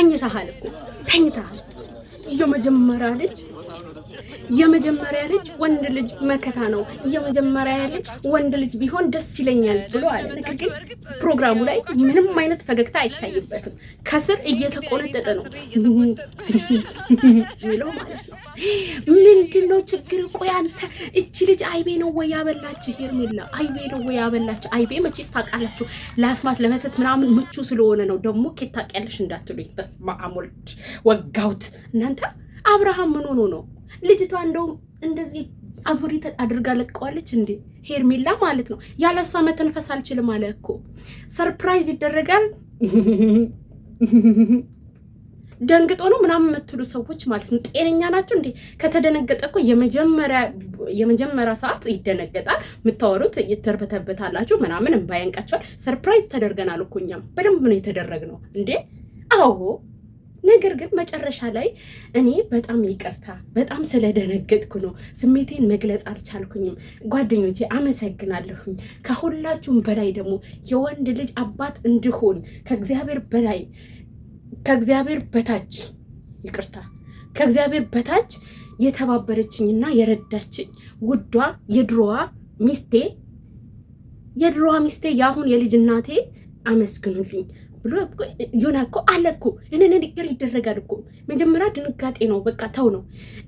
ተኝተሃል እኮ ተኝተሃል። የመጀመሪያ ልጅ የመጀመሪያ ልጅ ወንድ ልጅ መከታ ነው። የመጀመሪያ ልጅ ወንድ ልጅ ቢሆን ደስ ይለኛል ብሎ አለ። ነገር ግን ፕሮግራሙ ላይ ምንም አይነት ፈገግታ አይታይበትም። ከስር እየተቆነጠጠ ነው የሚለው ማለት ነው። ምንድን ነው ችግር? ቆይ አንተ እቺ ልጅ አይቤ ነው ወይ ያበላችሁ? ሄርሜላ አይቤ ነው ወይ ያበላችሁ? አይቤ መቼስ ታውቃላችሁ፣ ለአስማት ለመተት ምናምን ምቹ ስለሆነ ነው። ደግሞ ኬት ታውቂያለሽ እንዳትሉኝ፣ በስመ አብ ወልድ እናንተ አብርሃም ምን ሆኖ ነው ልጅቷ እንደውም እንደዚህ አዙሪት አድርጋ ለቀዋለች እንዴ? ሄርሜላ ማለት ነው። ያለሷ መተንፈስ አልችልም አለ እኮ። ሰርፕራይዝ ይደረጋል ደንግጦ ነው ምናምን የምትሉ ሰዎች ማለት ነው ጤነኛ ናቸው እንዴ? ከተደነገጠ እኮ የመጀመሪያ ሰዓት ይደነገጣል። የምታወሩት ይተርበተበታላችሁ ምናምን እንባ ሰርፕራይዝ ተደርገናል እኮ እኛም በደንብ ነው የተደረግነው እንዴ? አዎ ነገር ግን መጨረሻ ላይ እኔ በጣም ይቅርታ በጣም ስለደነገጥኩ ነው ስሜቴን መግለጽ አልቻልኩኝም። ጓደኞቼ አመሰግናለሁኝ። ከሁላችሁም በላይ ደግሞ የወንድ ልጅ አባት እንድሆን ከእግዚአብሔር በላይ ከእግዚአብሔር በታች ይቅርታ፣ ከእግዚአብሔር በታች የተባበረችኝና የረዳችኝ ውዷ የድሮዋ ሚስቴ የድሮዋ ሚስቴ የአሁን የልጅ እናቴ አመስግኑልኝ ብሎ ዮና እኮ አለ እኮ እኔ ንግግር ይደረጋል እኮ መጀመሪያ ድንጋጤ ነው፣ በቃ ተው ነው።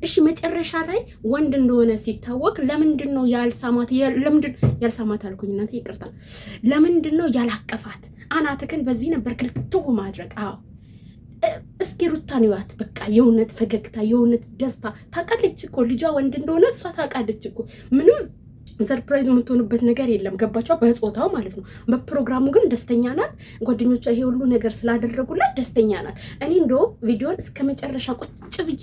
እሺ መጨረሻ ላይ ወንድ እንደሆነ ሲታወቅ ለምንድን ነው ያልሳማት? ለምንድን ያልሳማት አልኩኝ እናቴ ይቅርታ። ለምንድን ነው ያላቀፋት? አናትክን በዚህ ነበር ክልክቱ ማድረግ አዎ እስኪ ሩታን ይዋት። በቃ የእውነት ፈገግታ፣ የእውነት ደስታ። ታውቃለች እኮ ልጇ ወንድ እንደሆነ እሷ ታውቃለች እኮ ምንም ሰርፕራይዝ የምትሆንበት ነገር የለም። ገባቸው በጾታው ማለት ነው። በፕሮግራሙ ግን ደስተኛ ናት። ጓደኞቿ ይሄ ሁሉ ነገር ስላደረጉላት ደስተኛ ናት። እኔ እንደውም ቪዲዮን እስከ መጨረሻ ቁጭ ብዬ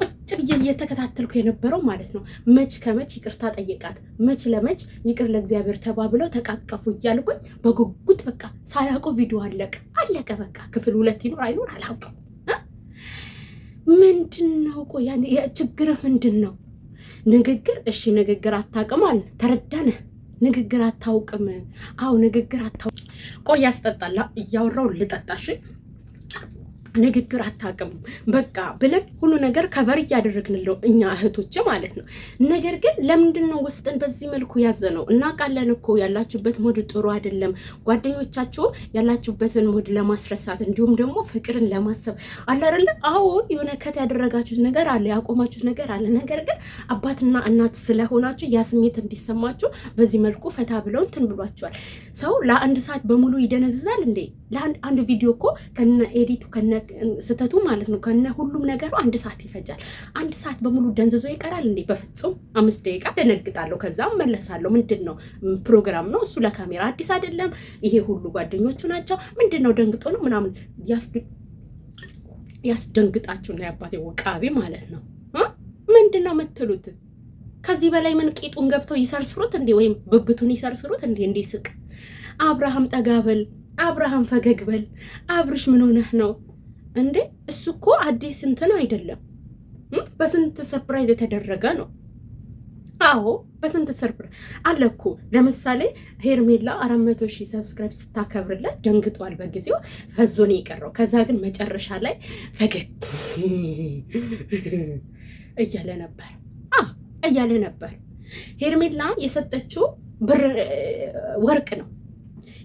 ቁጭ ብዬ እየተከታተልኩ የነበረው ማለት ነው። መች ከመች ይቅርታ ጠየቃት፣ መች ለመች ይቅር ለእግዚአብሔር ተባብለው ተቃቀፉ እያልኩኝ በጉጉት በቃ ሳላውቀው ቪዲዮ አለቀ አለቀ። በቃ ክፍል ሁለት ይኖር አይኖር አላውቅም። ምንድን ነው ቆይ ችግርህ ምንድን ነው? ንግግር እሺ፣ ንግግር አታውቅም አለ ተረዳነ። ንግግር አታውቅም። አዎ ንግግር አታውቅም። ቆይ ያስጠጣላ እያወራው ልጠጣሽ ንግግር አታውቅም በቃ ብለን ሁሉ ነገር ከበር እያደረግንለው እኛ እህቶች ማለት ነው። ነገር ግን ለምንድን ነው ውስጥን በዚህ መልኩ ያዘ ነው? እናውቃለን እኮ ያላችሁበት ሞድ ጥሩ አይደለም። ጓደኞቻችሁ ያላችሁበትን ሞድ ለማስረሳት እንዲሁም ደግሞ ፍቅርን ለማሰብ አላረለ አይደለ? አዎ የሆነ ከት ያደረጋችሁት ነገር አለ፣ ያቆማችሁት ነገር አለ። ነገር ግን አባትና እናት ስለሆናችሁ ያ ስሜት እንዲሰማችሁ በዚህ መልኩ ፈታ ብለው እንትን ብሏችኋል። ሰው ለአንድ ሰዓት በሙሉ ይደነዝዛል እንዴ? ለአንድ ቪዲዮ እኮ ከነ ኤዲቱ ከነ ስተቱ ማለት ነው ከነ ሁሉም ነገሩ አንድ ሰዓት ይፈጃል። አንድ ሰዓት በሙሉ ደንዝዞ ይቀራል እንዴ? በፍጹም አምስት ደቂቃ ደነግጣለሁ፣ ከዛም መለሳለሁ። ምንድን ነው ፕሮግራም ነው እሱ ለካሜራ አዲስ አይደለም። ይሄ ሁሉ ጓደኞቹ ናቸው። ምንድን ነው ደንግጦ ነው ምናምን ና ያባቴ ወቃቢ ማለት ነው። ምንድን ነው የምትሉት? ከዚህ በላይ ምን ቂጡን ገብተው ይሰርስሩት እንዴ? ወይም ብብቱን ይሰርስሩት እንዴ? እንዲስቅ አብርሃም ጠጋበል አብርሃም ፈገግበል። አብርሽ ምን ሆነህ ነው? እንዴ እሱ እኮ አዲስ እንትን አይደለም። በስንት ሰርፕራይዝ የተደረገ ነው። አዎ በስንት ሰርፕራይዝ አለ እኮ። ለምሳሌ ሄርሜላ አራት መቶ ሺህ ሰብስክራይብ ስታከብርለት ደንግጧል በጊዜው ፈዞ ነው የቀረው። ከዛ ግን መጨረሻ ላይ ፈገግ እያለ ነበር እያለ ነበር። ሄርሜላ የሰጠችው ብር ወርቅ ነው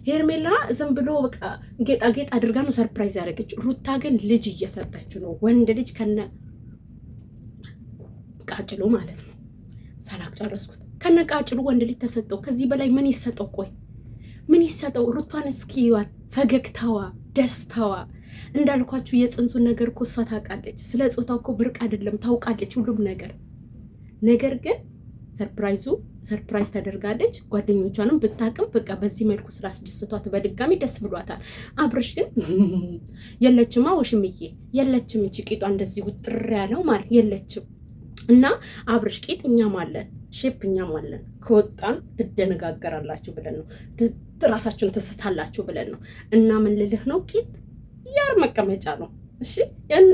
ሄርሜላ ዝም ብሎ በቃ ጌጣጌጥ አድርጋ ነው ሰርፕራይዝ ያደረገች። ሩታ ግን ልጅ እየሰጠችው ነው። ወንድ ልጅ ከነ ቃጭሎ ማለት ነው። ሳላቅ ጨረስኩት። ከነ ቃጭሎ ወንድ ልጅ ተሰጠው። ከዚህ በላይ ምን ይሰጠው? ቆይ ምን ይሰጠው? ሩቷን እስኪዋት፣ ፈገግታዋ፣ ደስታዋ እንዳልኳችሁ የፅንሱን ነገር እኮ እሷ ታውቃለች። ስለ ፆታ እኮ ብርቅ አይደለም ታውቃለች ሁሉም ነገር ነገር ግን ሰርፕራይዙ ሰርፕራይዝ ተደርጋለች። ጓደኞቿንም ብታቅም በቃ በዚህ መልኩ ስላስደስቷት በድጋሚ ደስ ብሏታል። አብርሽ ግን የለችማ ወሽምዬ የለችም፣ እንጂ ቂጧ እንደዚህ ውጥር ያለው ማለት የለችም። እና አብርሽ ቂጥ እኛም አለን፣ ሼፕ እኛም አለን። ከወጣን ትደነጋገራላችሁ ብለን ነው፣ ራሳችሁን ትስታላችሁ ብለን ነው። እና ምን ልልህ ነው ቂጥ ያር መቀመጫ ነው እሺ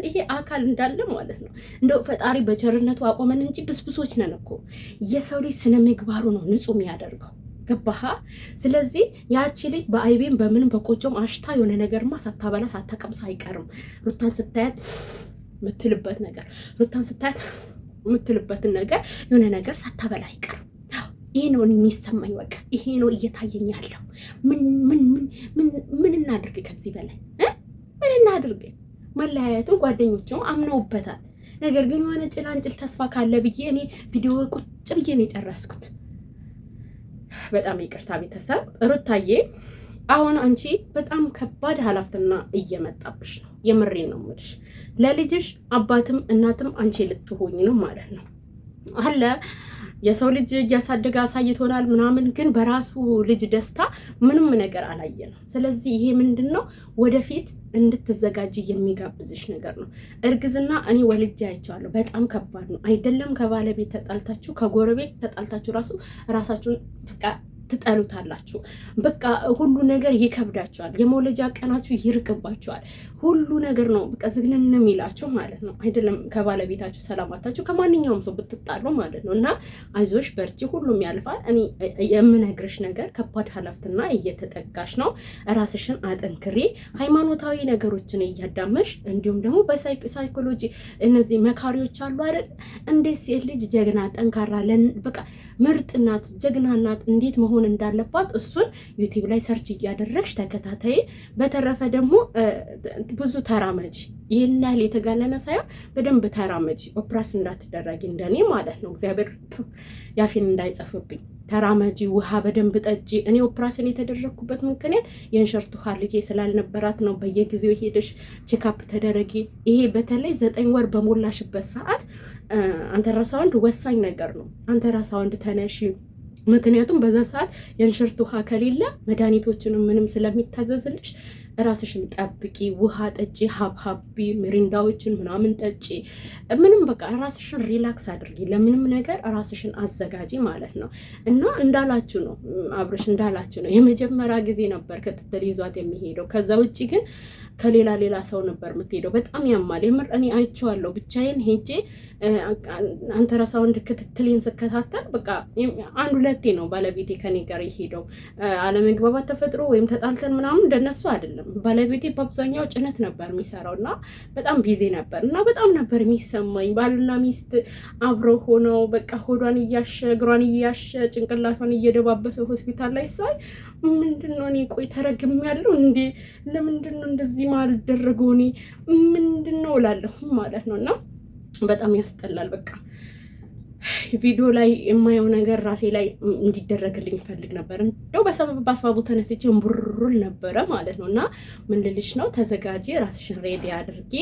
ይሄ አካል እንዳለ ማለት ነው። እንደው ፈጣሪ በቸርነቱ አቆመን እንጂ ብስብሶች ነን እኮ። የሰው ልጅ ስነ ምግባሩ ነው ንጹህ የሚያደርገው ገባሃ ስለዚህ ያቺ ልጅ በአይቤም በምንም በቆጮም አሽታ የሆነ ነገርማ ሳታበላ ሳታቀምስ አይቀርም። ሩታን ስታያት ምትልበት ነገር ሩታን ስታያት ምትልበትን ነገር የሆነ ነገር ሳታበላ አይቀርም። ይሄ ነው የሚሰማኝ። በቃ ይሄ ነው እየታየኝ ያለው። ምን ምን ምን ምን እናድርግ? ከዚህ በላይ ምን እናድርግ? መለያየቱ ጓደኞቹም አምነውበታል። ነገር ግን የሆነ ጭላንጭል ተስፋ ካለ ብዬ እኔ ቪዲዮ ቁጭ ብዬ ነው የጨረስኩት። በጣም ይቅርታ ቤተሰብ። ሩታዬ አሁን አንቺ በጣም ከባድ ኃላፊነትና እየመጣብሽ ነው። የምሬ ነው የምልሽ። ለልጅሽ አባትም እናትም አንቺ ልትሆኝ ነው ማለት ነው አለ የሰው ልጅ እያሳደገ አሳይቶናል ምናምን፣ ግን በራሱ ልጅ ደስታ ምንም ነገር አላየንም። ስለዚህ ይሄ ምንድን ነው ወደፊት እንድትዘጋጅ የሚጋብዝሽ ነገር ነው። እርግዝና እኔ ወልጄ አይቼዋለሁ። በጣም ከባድ ነው አይደለም? ከባለቤት ተጣልታችሁ፣ ከጎረቤት ተጣልታችሁ ራሱ ራሳችሁን ፍቃ ትጠሉታላችሁ። በቃ ሁሉ ነገር ይከብዳችኋል። የመውለጃ ቀናችሁ ይርቅባችኋል። ሁሉ ነገር ነው በቃ ዝግንን የሚላችሁ ማለት ነው። አይደለም ከባለቤታችሁ ሰላማታችሁ ከማንኛውም ሰው ብትጣሉ ማለት ነው። እና አይዞሽ በርቺ፣ ሁሉም ያልፋል። እኔ የምነግርሽ ነገር ከባድ ኃላፊነትና እየተጠጋሽ ነው። ራስሽን አጠንክሬ ሃይማኖታዊ ነገሮችን እያዳመሽ እንዲሁም ደግሞ በሳይኮሎጂ እነዚህ መካሪዎች አሉ አይደል? እንዴት ሴት ልጅ ጀግና፣ ጠንካራ፣ በቃ ምርጥ ናት፣ ጀግና ናት እንዴት መሆን መሆን እንዳለባት እሱን ዩቲብ ላይ ሰርች እያደረግሽ ተከታታይ። በተረፈ ደግሞ ብዙ ተራመጂ። ይህን ያህል የተጋነነ ሳይሆን በደንብ ተራመጂ። ኦፕራስ እንዳትደረጊ እንደኔ ማለት ነው። እግዚአብሔር ያፊን እንዳይጸፍብኝ ተራመጂ፣ ውሃ በደንብ ጠጪ። እኔ ኦፕራስን የተደረግኩበት ምክንያት ውሃ ልጄ ስላልነበራት ነው። በየጊዜው ሄደሽ ቼካፕ ተደረጊ። ይሄ በተለይ ዘጠኝ ወር በሞላሽበት ሰዓት ወንድ ወሳኝ ነገር ነው። ወንድ ተነሺ ምክንያቱም በዛ ሰዓት የእንሽርት ውሃ ከሌለ መድኃኒቶችንም ምንም ስለሚታዘዝልሽ ራስሽን ጠብቂ፣ ውሃ ጠጪ፣ ሀብሀቢ ሚሪንዳዎችን ምናምን ጠጪ። ምንም በቃ ራስሽን ሪላክስ አድርጊ፣ ለምንም ነገር ራስሽን አዘጋጂ ማለት ነው። እና እንዳላችሁ ነው አብርሽ እንዳላችሁ ነው። የመጀመሪያ ጊዜ ነበር ክትትል ይዟት የሚሄደው። ከዛ ውጭ ግን ከሌላ ሌላ ሰው ነበር የምትሄደው። በጣም ያማል የምር እኔ አይቼዋለሁ። ብቻዬን ሄጄ አንተራሳውንድ ክትትልን ስከታተል በቃ አንድ ሁለቴ ነው ባለቤቴ ከኔ ጋር የሄደው። አለመግባባት ተፈጥሮ ወይም ተጣልተን ምናምን እንደነሱ አይደለም። ባለቤቴ በአብዛኛው ጭነት ነበር የሚሰራው እና በጣም ቢዜ ነበር እና በጣም ነበር የሚሰማኝ ባልና ሚስት አብረው ሆነው በቃ ሆዷን እያሸ እግሯን እያሸ ጭንቅላቷን እየደባበሰ ሆስፒታል ላይ ሳይ ምንድን ነው እኔ ቆይ ተረግም ያለው እንዴ ለምንድን ነው እንደዚህ ማልደረገው እኔ ምንድን ነው እላለሁ ማለት ነው እና በጣም ያስጠላል በቃ ቪዲዮ ላይ የማየው ነገር ራሴ ላይ እንዲደረግልኝ ይፈልግ ነበር። እንደው በሰበብ በአስባቡ ተነስቼ ብሩል ነበረ ማለት ነው። እና ምን ልልሽ ነው፣ ተዘጋጂ፣ ራስሽን ሬዲ አድርጊ፣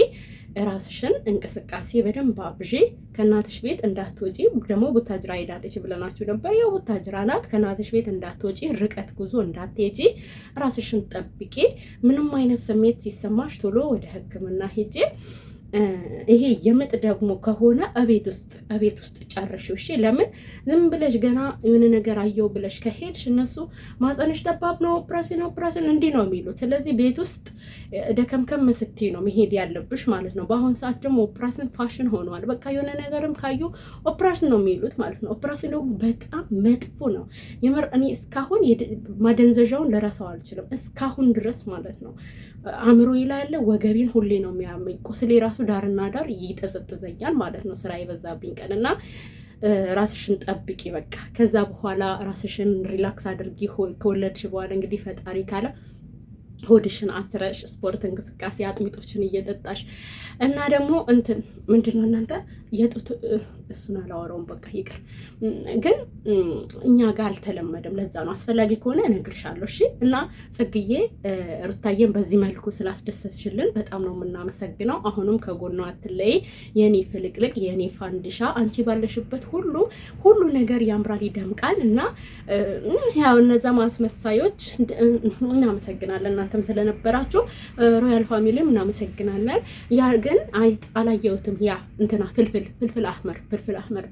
ራስሽን እንቅስቃሴ በደንብ አብዢ። ከእናትሽ ቤት እንዳትወጪ ደግሞ ቡታጅራ ሄዳለች ብለናችሁ ነበር። ያው ቡታጅራ ናት። ከእናትሽ ቤት እንዳትወጪ፣ ርቀት ጉዞ እንዳትሄጂ፣ ራስሽን ጠብቂ። ምንም አይነት ስሜት ሲሰማሽ ቶሎ ወደ ሕክምና ሄጄ ይሄ የምጥ ደግሞ ከሆነ እቤት ውስጥ እቤት ውስጥ ጨርሽው። እሺ፣ ለምን ዝም ብለሽ ገና የሆነ ነገር አየው ብለሽ ከሄድሽ እነሱ ማፀንሽ ጠባብ ነው፣ ኦፕራሽን ኦፕራሲን እንዲህ ነው የሚሉት። ስለዚህ ቤት ውስጥ ደከምከም ስትይ ነው መሄድ ያለብሽ ማለት ነው። በአሁን ሰዓት ደግሞ ኦፕራሲን ፋሽን ሆኗል። በቃ የሆነ ነገርም ካዩ ኦፕራሲን ነው የሚሉት ማለት ነው። ኦፕራሲን ደግሞ በጣም መጥፎ ነው። የምር እኔ እስካሁን ማደንዘዣውን ልረሳው አልችልም፣ እስካሁን ድረስ ማለት ነው። አእምሮዬ ይላለ ወገቤን ሁሌ ነው የሚያመኝ ቁስሌ ራሱ ዳርና ዳር ይጠዘጥዘኛል ማለት ነው። ስራ የበዛብኝ ቀን እና ራስሽን ጠብቂ በቃ። ከዛ በኋላ ራስሽን ሪላክስ አድርጊ። ከወለድሽ በኋላ እንግዲህ ፈጣሪ ካለ ሆድሽን አስረሽ ስፖርት እንቅስቃሴ አጥሚጦችን እየጠጣሽ እና ደግሞ እንትን ምንድን ነው እናንተ የጡት እሱን አላወራውም፣ በቃ ይቅር። ግን እኛ ጋር አልተለመደም። ለዛ ነው አስፈላጊ ከሆነ እነግርሻለሁ። እሺ። እና ጽግዬ ሩታዬን በዚህ መልኩ ስላስደሰችልን በጣም ነው የምናመሰግነው። አሁንም ከጎኗ አትለይ፣ የኔ ፍልቅልቅ፣ የኔ ፋንድሻ። አንቺ ባለሽበት ሁሉ ሁሉ ነገር ያምራል፣ ይደምቃል። እና ያው እነዛ ማስመሳዮች እናመሰግናለን። እናንተም ስለነበራችሁ ሮያል ፋሚሊም እናመሰግናለን። ያ ግን አይጥ አላየሁትም። ያ እንትና ፍልፍል ፍልፍል አህመር ፍልፍል አህመር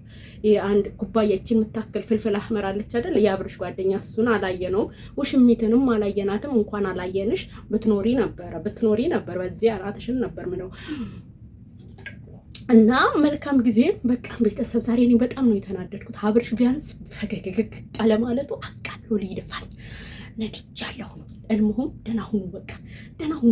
አንድ ኩባያችን የምታክል ፍልፍል አህመር አለች አይደል? የአብርሽ ጓደኛ እሱን አላየነውም። ውሽሚትንም አላየናትም። እንኳን አላየንሽ ብትኖሪ ነበረ ብትኖሪ ነበር። በዚህ አናትሽን ነበር ምለው እና መልካም ጊዜ በቃ ቤተሰብ። ዛሬ እኔ በጣም ነው የተናደድኩት። አብርሽ ቢያንስ ፈገግግ አለማለቱ አቃሎ ሊደፋኝ ነድጃለሁ። እልምሁም ደህና ሁኑ፣ በቃ ደህና ሁኑ።